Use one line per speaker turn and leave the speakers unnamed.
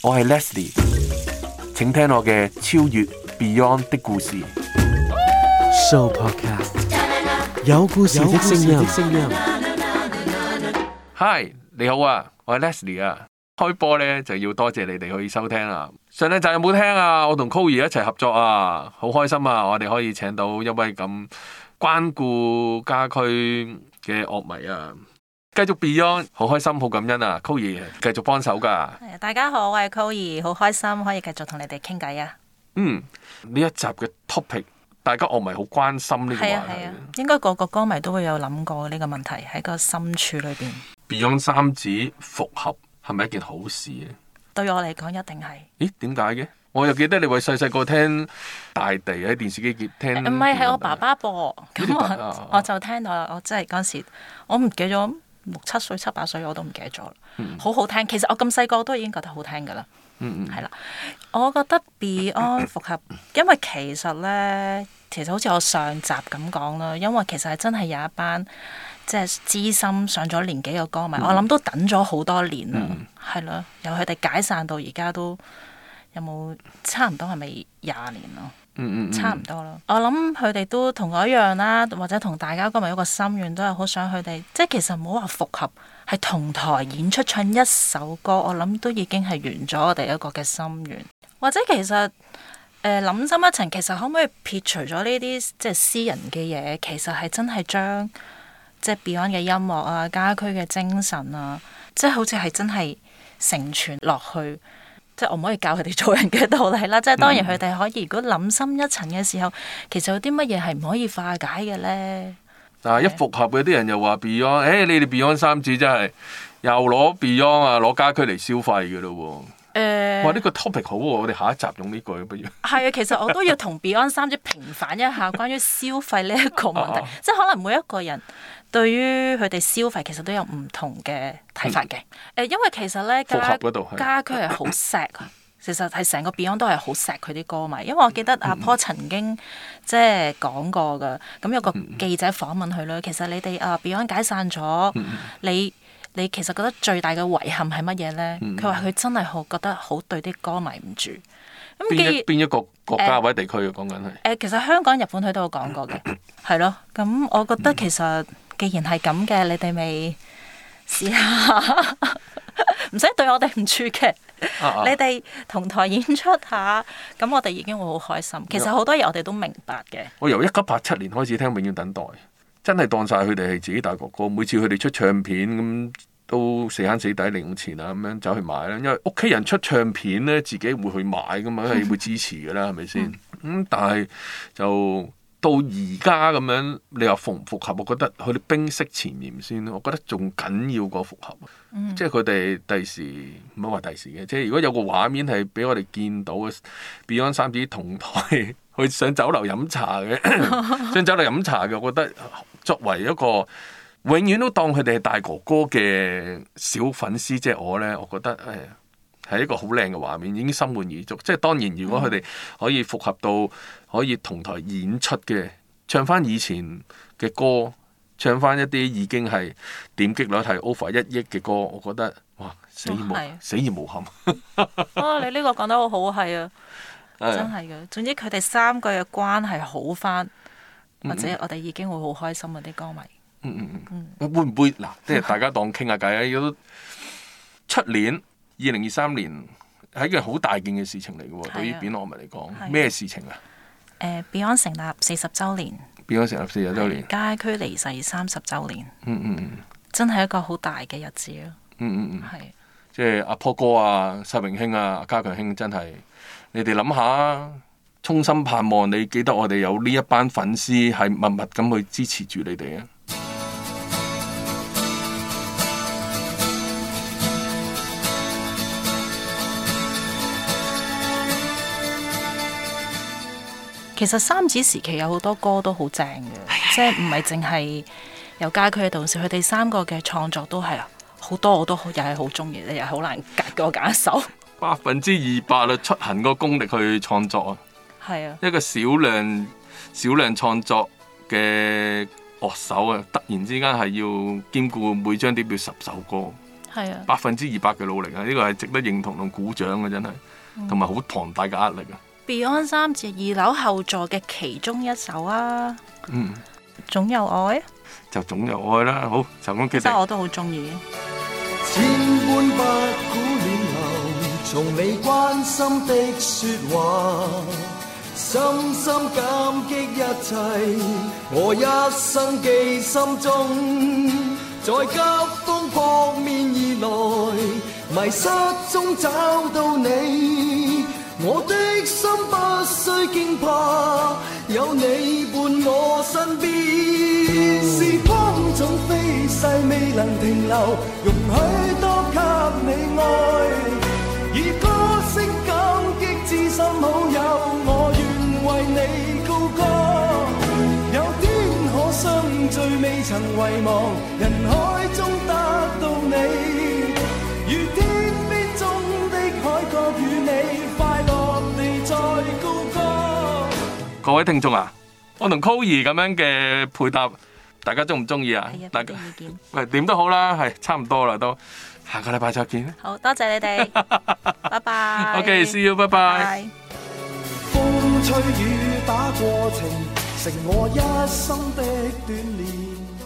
我係 Leslie，請聽我嘅超越 Beyond 的故事。Show Podcast 有故事的聲音。Hi，你好啊，我係 Leslie 啊。開波咧就要多謝，謝你哋去收聽啦，啊。上一集有冇聽啊？我同 Koy 一齊合作啊，好開心啊！我哋可以請到一位咁關顧家居嘅樂迷啊。繼續 Beyond，好開心，好感恩啊！Koy 繼續幫手噶。
係大家好，我係 Koy，好開心可以繼續同你哋傾偈啊。
嗯，呢一集嘅 topic，大家樂迷好關心呢個話題。係啊係啊，
應該個個歌迷都會有諗過呢個問題喺個深處裏邊。
Beyond 三子複合係咪一件好事啊？
對我嚟講，一定係。
咦？點解嘅？我又記得你為細細個聽大地喺電視機結聽、欸，唔係喺我爸
爸播，咁我我就聽到啦。我真係嗰時，我唔記得咗。六七歲，七八歲，我都唔記得咗，好、mm hmm. 好聽。其實我咁細個都已經覺得好聽噶啦，係啦、mm hmm.。我覺得 Beyond 復合，因為其實咧，其實好似我上集咁講啦，因為其實係真係有一班即係資深上咗年紀嘅歌迷，mm hmm. 我諗都等咗好多年啦，係咯、mm hmm.。由佢哋解散到而家都有冇差唔多係咪廿年咯？差唔多咯。我諗佢哋都同我一樣啦，或者同大家今日一個心願，都係好想佢哋，即係其實唔好話復合，係同台演出唱一首歌，我諗都已經係完咗我哋一個嘅心願。或者其實誒諗深一層，其實可唔可以撇除咗呢啲即係私人嘅嘢，其實係真係將即係 Beyond 嘅音樂啊、家駒嘅精神啊，即係好似係真係承傳落去。即係我唔可以教佢哋做人嘅道理啦。即係當然佢哋可以，如果諗深一層嘅時候，其實有啲乜嘢係唔可以化解嘅咧。
啊、欸，一復合嗰啲人又話 Beyond，誒你哋 Beyond 三子真係又攞 Beyond 啊攞家駒嚟消費嘅咯喎。
誒，欸、哇！呢、這個
topic 好喎，我哋下一集用呢句。不如，
係啊，其實我都要同 Beyond 三子平反一下關於消費呢一個問題， 即係可能每一個人對於佢哋消費其實都有唔同嘅睇法嘅。誒、嗯，因為其實咧，家駒係好錫啊，其實係成個 Beyond 都係好錫佢啲歌迷。因為我記得阿 Paul 曾經、嗯、即係講過噶，咁有個記者訪問佢啦。其實你哋啊，Beyond 解散咗，嗯、你。你其實覺得最大嘅遺憾係乜嘢呢？佢話佢真係好覺得好對啲歌迷唔住。咁邊一邊
一個國家、呃、或者地區啊？講緊
係誒，其實香港、日本佢都有講過嘅，係咯。咁 我覺得其實既然係咁嘅，你哋未試下，唔 使對我哋唔住嘅。啊啊你哋同台演出下，咁我哋已經會好開心。其實好多嘢我哋都明白嘅。
我由一九八七年開始聽《永遠等待》。真係當晒佢哋係自己大哥哥，每次佢哋出唱片咁，都死慳死抵零用錢啊咁樣走去買咧。因為屋企人出唱片咧，自己會去買噶嘛，係會支持噶啦，係咪先？咁、嗯、但係就到而家咁樣，你話復唔復合？我覺得佢哋冰釋前嫌先，我覺得仲緊要過復合，嗯、即係佢哋第時唔好話第時嘅。即係如果有個畫面係俾我哋見到嘅，Beyond 三子同台去上酒樓飲茶嘅， 上酒樓飲茶嘅，我覺得。作為一個永遠都當佢哋係大哥哥嘅小粉絲，即係我呢，我覺得誒係、哎、一個好靚嘅畫面，已經心滿意足。即係當然，如果佢哋可以復合到可以同台演出嘅，唱翻以前嘅歌，唱翻一啲已經係點擊率係 over 一億嘅歌，我覺得哇，死無、哦、死而無憾。 啊，
你呢個講得好好，係啊，真係嘅。總之，佢哋三個嘅關係好翻。或者我哋已經會好開心啊！啲歌迷，嗯嗯嗯，嗯
嗯嗯會唔會嗱？即係大家當傾下偈。如果出年二零二三年係一件好大件嘅事，的事情嚟嘅，對於扁 e y 嚟講，咩事情啊？
誒，Beyond 成立四十周年
，Beyond 成立四十周年，街
區離世三十周年，嗯
嗯嗯，
嗯嗯真係一個好大嘅日子咯、嗯。嗯嗯嗯，
係、嗯，的即係阿破哥啊，石明興啊，加強興真係，你哋諗下。衷心盼望你記得我哋有呢一班粉絲係默默咁去支持住你哋啊。
其實三子時期有好多歌都好正嘅， 即係唔係淨係有街區嘅同事，佢哋三個嘅創作都係，啊好多我都好，又係好中意，又好難夾嘅。我揀一首
百分之二百啦，出行個功力去創作啊！係啊，一個少量少量創作嘅樂手啊，突然之間係要兼顧每張碟要十首歌，係啊，百分之二百嘅努力啊，呢個係值得認同同鼓掌嘅，真係，同埋好龐大嘅壓力啊
！Beyond 三子二樓後座嘅其中一首啊，嗯，總有愛，
就總有愛啦，好，就咁，其實我都好中意。深深感激一切，我一生記心中。在急風撲面而來，迷失中找到你，我的心不需驚怕，有你伴我身邊。時 光總飛逝，未能停留，容許多給你愛。最未曾遺忘，人海中得到你。你如天邊中的海角與你，快樂地在高歌。各位聽眾啊，我同 Ko 二咁樣嘅配搭，大家鍾唔鍾意啊？的大家意
見
喂，點都好啦，係差唔多啦都。下個禮拜再見。
好多謝你哋，拜拜 bye。OK，See you，拜拜。Bye bye 風吹雨打過程。成我一生的鍛煉。